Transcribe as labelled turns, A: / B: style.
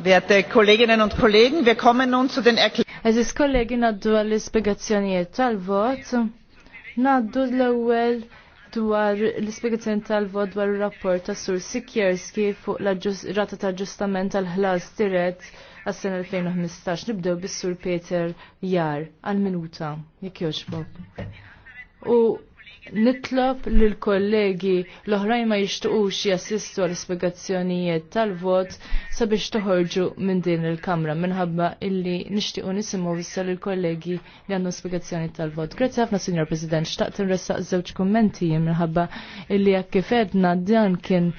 A: Werte Kolleginnen und Kollegen, wir kommen nun zu den Erklärungen. kollegi naddu għall-ispiegazzjonijiet
B: tal-vot. Na l-ewwel dwar l-ispiegazzjoni tal-vot dwar ir-rapport ta' Sur Sikjerski fuq l-rata ta' ġustament tal-ħlas tiret għas-sena 2015. Nibdew bis-Sur Peter Jar għal-minuta. Jekk jogħġbok. U nitlob lil kollegi l-oħrajn ma jishtuqux jassistu għal spiegazzjonijiet tal-vot sabiex toħorġu minn din il-kamra minħabba illi nixtiequ nisimgħu issa lil kollegi li għandu spiegazzjoni tal-vot. Grazzi ħafna Signor President, xtaqt n-ressaq żewġ kummenti minħabba illi jekk kif
C: dan kien